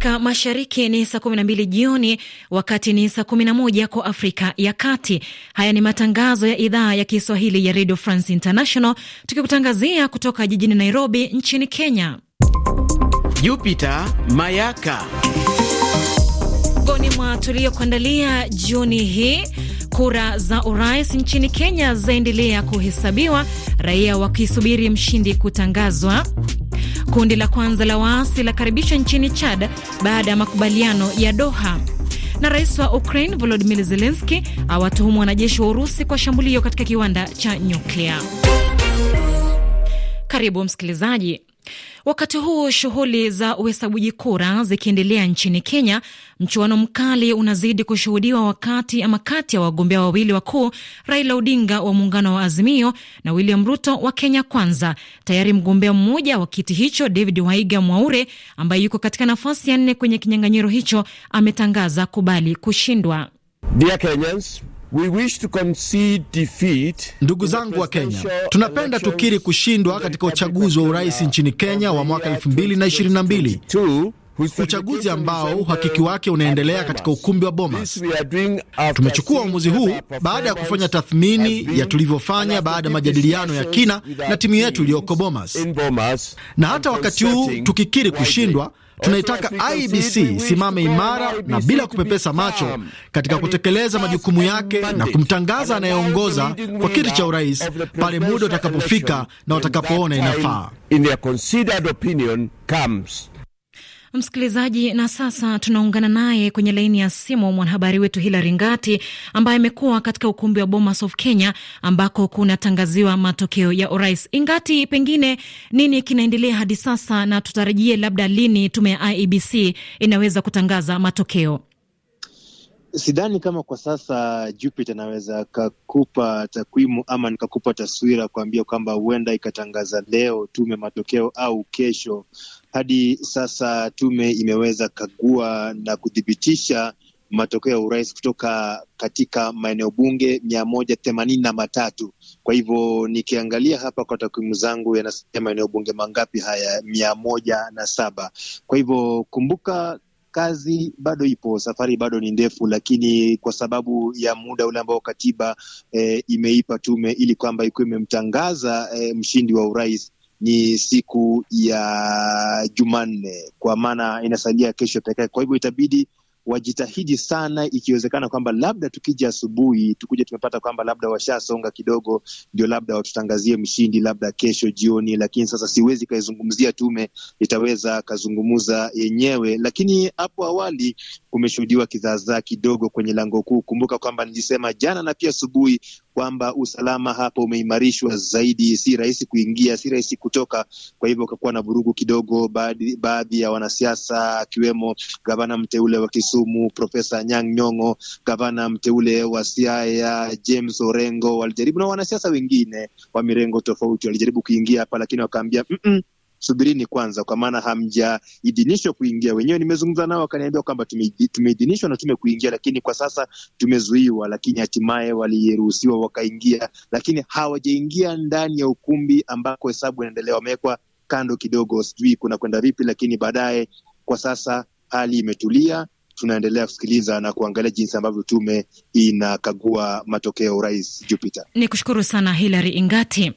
Afrika Mashariki ni saa 12 jioni, wakati ni saa 11 kwa Afrika ya Kati. Haya ni matangazo ya idhaa ya Kiswahili ya Radio France International, tukikutangazia kutoka jijini Nairobi nchini Kenya. Jupiter Mayaka goni mwa tuliokuandalia jioni hii. Kura za urais nchini Kenya zaendelea kuhesabiwa, raia wakisubiri mshindi kutangazwa. Kundi la kwanza la waasi la karibisha nchini Chad baada ya makubaliano ya Doha na rais wa Ukraine volodimir zelenski awatuhumu wanajeshi wa Urusi kwa shambulio katika kiwanda cha nyuklia. Karibu msikilizaji. Wakati huu shughuli za uhesabuji kura zikiendelea nchini Kenya, mchuano mkali unazidi kushuhudiwa wakati ama kati ya wagombea wawili wakuu, Raila Odinga wa muungano wa Azimio na William Ruto wa Kenya Kwanza. Tayari mgombea mmoja wa kiti hicho, David Waiga Mwaure, ambaye yuko katika nafasi ya nne kwenye kinyang'anyiro hicho, ametangaza kubali kushindwa. Dear Kenyans, We wish to concede defeat. Ndugu zangu wa Kenya, tunapenda tukiri kushindwa katika uchaguzi wa urais nchini Kenya wa mwaka 2022 uchaguzi ambao uhakiki wake unaendelea katika ukumbi wa Bomas. Tumechukua uamuzi huu baada ya kufanya tathmini ya tulivyofanya baada ya majadiliano ya kina na timu yetu iliyoko Bomas, na hata wakati huu tukikiri kushindwa Tunaitaka IBC isimame imara na bila kupepesa macho katika yaani kutekeleza majukumu yake na kumtangaza anayeongoza kwa kiti cha urais pale muda utakapofika na watakapoona inafaa. Msikilizaji, na sasa tunaungana naye kwenye laini ya simu mwanahabari wetu Hilari Ngati ambaye amekuwa katika ukumbi wa Bomas of Kenya ambako kunatangaziwa matokeo ya urais. Ingati, pengine nini kinaendelea hadi sasa, na tutarajie labda lini tume ya IEBC inaweza kutangaza matokeo? sidhani kama kwa sasa Jupiter naweza kakupa takwimu ama nikakupa taswira kuambia kwamba huenda ikatangaza leo tume matokeo au kesho. Hadi sasa tume imeweza kagua na kuthibitisha matokeo ya urais kutoka katika maeneo bunge mia moja themanini na matatu. Kwa hivyo nikiangalia hapa kwa takwimu zangu yanasema maeneo bunge mangapi haya? mia moja na saba. Kwa hivyo kumbuka kazi bado ipo, safari bado ni ndefu, lakini kwa sababu ya muda ule ambao katiba e, imeipa tume ili kwamba ikuwa imemtangaza e, mshindi wa urais ni siku ya Jumanne, kwa maana inasalia kesho pekee. Kwa hivyo itabidi wajitahidi sana, ikiwezekana kwamba labda tukija asubuhi tukuja tumepata kwamba labda washasonga kidogo, ndio labda watutangazie mshindi labda kesho jioni. Lakini sasa siwezi kaizungumzia, tume itaweza kazungumza yenyewe, lakini hapo awali kumeshuhudiwa kizaazaa kidogo kwenye lango kuu. Kumbuka kwamba nilisema jana na pia asubuhi kwamba usalama hapa umeimarishwa zaidi, si rahisi kuingia, si rahisi kutoka. Kwa hivyo kakuwa na vurugu kidogo, baadhi, baadhi ya wanasiasa akiwemo gavana mteule wa Kisumu Profesa Nyang' Nyong'o, gavana mteule wa Siaya James Orengo walijaribu, na wanasiasa wengine wa mirengo tofauti walijaribu kuingia hapa, lakini wakaambia mm -mm subirini kwanza, kwa maana hamjaidhinishwa kuingia. Wenyewe nimezungumza nao wakaniambia kwamba tumeidhinishwa na tume kuingia lakini kwa sasa tumezuiwa, lakini hatimaye waliruhusiwa wakaingia, lakini hawajaingia ndani ya ukumbi ambako hesabu inaendelea. Wamewekwa kando kidogo, sijui kuna kwenda vipi, lakini baadaye, kwa sasa hali imetulia tunaendelea kusikiliza na kuangalia jinsi ambavyo tume inakagua matokeo. Rais Jupiter, ni kushukuru sana Hilary Ingati.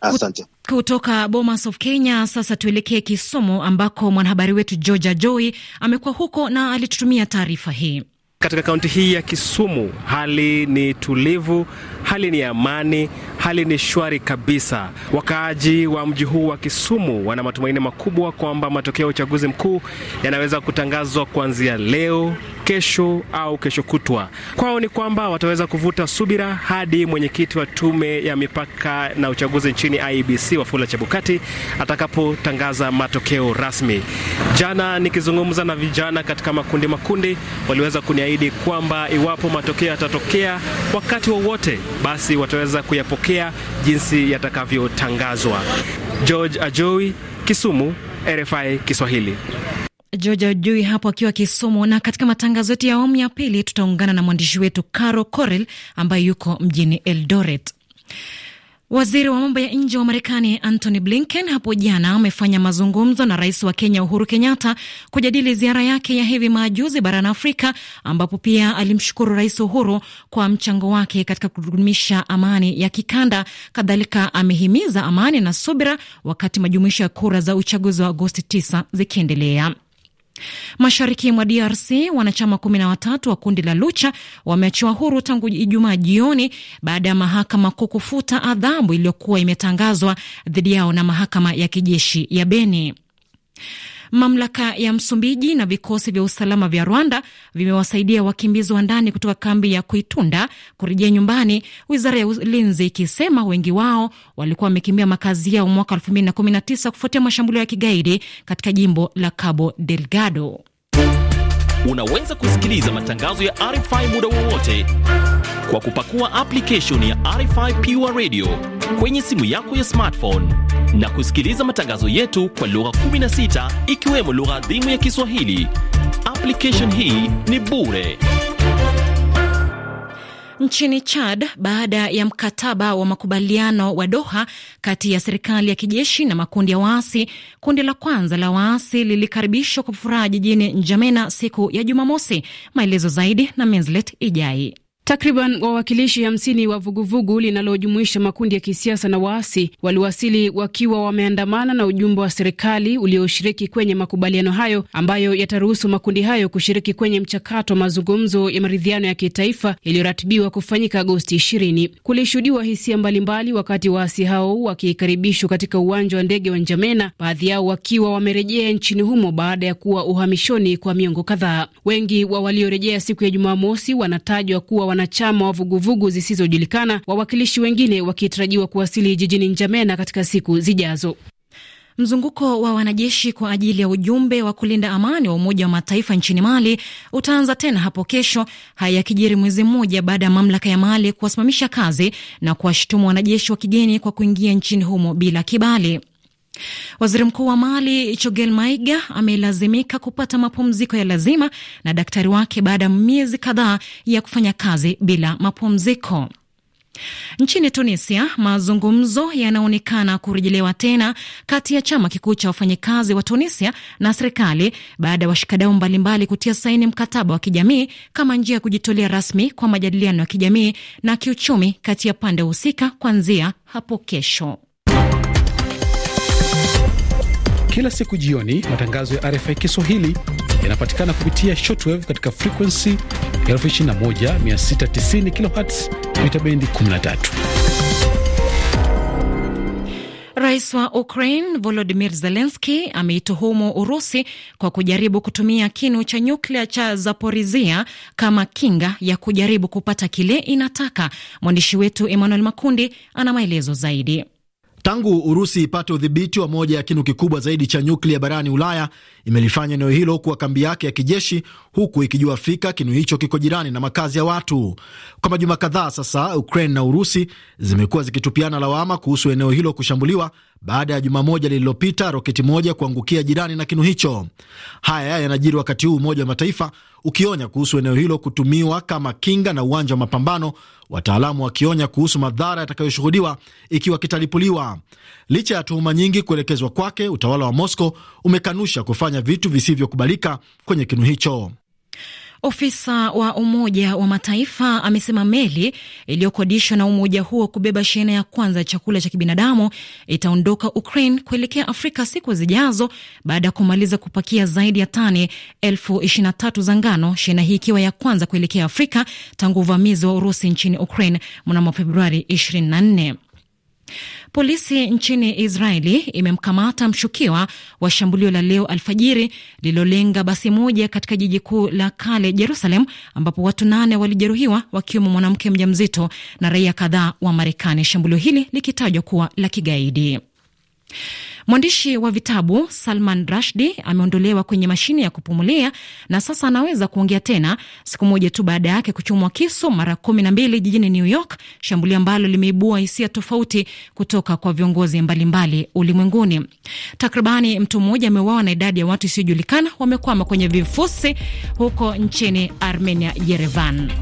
Asante. Kutoka Bomas of Kenya, sasa tuelekee Kisumu ambako mwanahabari wetu Georgia Joy amekuwa huko na alitutumia taarifa hii. Katika kaunti hii ya Kisumu hali ni tulivu, hali ni amani, hali ni shwari kabisa. Wakaaji wa mji huu wa Kisumu wana matumaini makubwa kwamba matokeo ya uchaguzi mkuu yanaweza kutangazwa kuanzia leo kesho au kesho kutwa. Kwao ni kwamba wataweza kuvuta subira hadi mwenyekiti wa tume ya mipaka na uchaguzi nchini wa e Wafula Chebukati atakapotangaza matokeo rasmi. Jana nikizungumza na vijana katika makundi makundi, waliweza kuniahidi kwamba iwapo matokeo yatatokea wakati wowote wa basi wataweza kuyapokea jinsi yatakavyotangazwa. George Ajowi, Kisumu, RFI Kiswahili. Georgia Jui hapo akiwa Kisumu. Na katika matangazo yetu ya awamu ya pili tutaungana na mwandishi wetu Caro Corel ambaye yuko mjini Eldoret. Waziri wa mambo ya nje wa Marekani Antony Blinken hapo jana amefanya mazungumzo na rais wa Kenya Uhuru Kenyatta kujadili ziara yake ya hivi majuzi barani Afrika, ambapo pia alimshukuru Rais Uhuru kwa mchango wake katika kudumisha amani ya kikanda. Kadhalika amehimiza amani na subira wakati majumuisho ya kura za uchaguzi wa Agosti 9 zikiendelea. Mashariki mwa DRC wanachama kumi na watatu wa kundi la Lucha wameachiwa huru tangu Ijumaa jioni baada ya mahakama kuu kufuta adhabu iliyokuwa imetangazwa dhidi yao na mahakama ya kijeshi ya Beni. Mamlaka ya Msumbiji na vikosi vya usalama vya Rwanda vimewasaidia wakimbizi wa ndani kutoka kambi ya Kuitunda kurejea nyumbani, wizara ya ulinzi ikisema wengi wao walikuwa wamekimbia makazi yao mwaka 2019 kufuatia mashambulio ya kigaidi katika jimbo la Cabo Delgado. Unaweza kusikiliza matangazo ya RFI muda wowote kwa kupakua application ya RFI Pure Radio kwenye simu yako ya smartphone na kusikiliza matangazo yetu kwa lugha 16 ikiwemo lugha adhimu ya Kiswahili. Application hii ni bure. Nchini Chad, baada ya mkataba wa makubaliano wa Doha kati ya serikali ya kijeshi na makundi ya waasi, kundi la kwanza la waasi lilikaribishwa kwa furaha jijini Njamena siku ya Jumamosi. Maelezo zaidi na Menzlet Ijai. Takriban wawakilishi hamsini wa vuguvugu linalojumuisha makundi ya kisiasa na waasi waliwasili wakiwa wameandamana na ujumbe wa serikali ulioshiriki kwenye makubaliano hayo ambayo yataruhusu makundi hayo kushiriki kwenye mchakato wa mazungumzo ya maridhiano ya kitaifa yaliyoratibiwa kufanyika Agosti ishirini Kulishuhudiwa hisia mbalimbali wakati waasi hao wakikaribishwa katika uwanja wa ndege wa Njamena, baadhi yao wakiwa wamerejea nchini humo baada ya kuwa uhamishoni kwa miongo kadhaa. Wengi wa waliorejea siku ya Jumamosi wanatajwa kuwa wanachama wa vuguvugu zisizojulikana, wawakilishi wengine wakitarajiwa kuwasili jijini Njamena katika siku zijazo. Mzunguko wa wanajeshi kwa ajili ya ujumbe wa kulinda amani wa Umoja wa Mataifa nchini Mali utaanza tena hapo kesho. Haya yakijiri mwezi mmoja baada ya mamlaka ya Mali kuwasimamisha kazi na kuwashutumu wanajeshi wa kigeni kwa kuingia nchini humo bila kibali. Waziri Mkuu wa Mali Choguel Maiga amelazimika kupata mapumziko ya lazima na daktari wake baada ya miezi kadhaa ya kufanya kazi bila mapumziko. Nchini Tunisia, mazungumzo yanaonekana kurejelewa tena kati ya chama kikuu cha wafanyikazi wa Tunisia na serikali baada ya washikadau mbalimbali kutia saini mkataba wa kijamii kama njia ya kujitolea rasmi kwa majadiliano ya kijamii na kiuchumi kati ya pande husika kuanzia hapo kesho. Kila siku jioni, matangazo ya RFI Kiswahili yanapatikana kupitia shortwave katika frequency 21690 kHz mita bendi 13. Rais wa Ukraine Volodimir Zelenski ameituhumu Urusi kwa kujaribu kutumia kinu cha nyuklia cha Zaporizia kama kinga ya kujaribu kupata kile inataka. Mwandishi wetu Emmanuel Makundi ana maelezo zaidi. Tangu Urusi ipate udhibiti wa moja ya kinu kikubwa zaidi cha nyuklia barani Ulaya, imelifanya eneo hilo kuwa kambi yake ya kijeshi, huku ikijua fika kinu hicho kiko jirani na makazi ya watu. Kwa majuma kadhaa sasa, Ukraine na Urusi zimekuwa zikitupiana lawama kuhusu eneo hilo kushambuliwa baada ya juma moja lililopita roketi moja kuangukia jirani na kinu hicho. Haya yanajiri wakati huu Umoja wa Mataifa ukionya kuhusu eneo hilo kutumiwa kama kinga na uwanja wa mapambano, wataalamu wakionya kuhusu madhara yatakayoshuhudiwa ikiwa kitalipuliwa. Licha ya tuhuma nyingi kuelekezwa kwake, utawala wa Moscow umekanusha kufanya kufanya vitu visivyokubalika kwenye kinu hicho. Ofisa wa Umoja wa Mataifa amesema meli iliyokodishwa na umoja huo kubeba shehena ya kwanza ya chakula cha kibinadamu itaondoka Ukraine kuelekea Afrika siku zijazo baada ya kumaliza kupakia zaidi ya tani elfu ishirini na tatu za ngano, shehena hii ikiwa ya kwanza kuelekea Afrika tangu uvamizi wa Urusi nchini Ukraine mnamo Februari 24. Polisi nchini Israeli imemkamata mshukiwa wa shambulio la leo alfajiri lililolenga basi moja katika jiji kuu la kale Jerusalem, ambapo watu nane walijeruhiwa wakiwemo mwanamke mjamzito na raia kadhaa wa Marekani, shambulio hili likitajwa kuwa la kigaidi. Mwandishi wa vitabu Salman rashdi ameondolewa kwenye mashine ya kupumulia na sasa anaweza kuongea tena, siku moja tu baada yake kuchomwa kisu mara kumi na mbili jijini New York, shambulio ambalo limeibua hisia tofauti kutoka kwa viongozi mbalimbali ulimwenguni. Takribani mtu mmoja ameuawa na idadi ya watu isiyojulikana wamekwama kwenye vifusi huko nchini Armenia, Yerevan.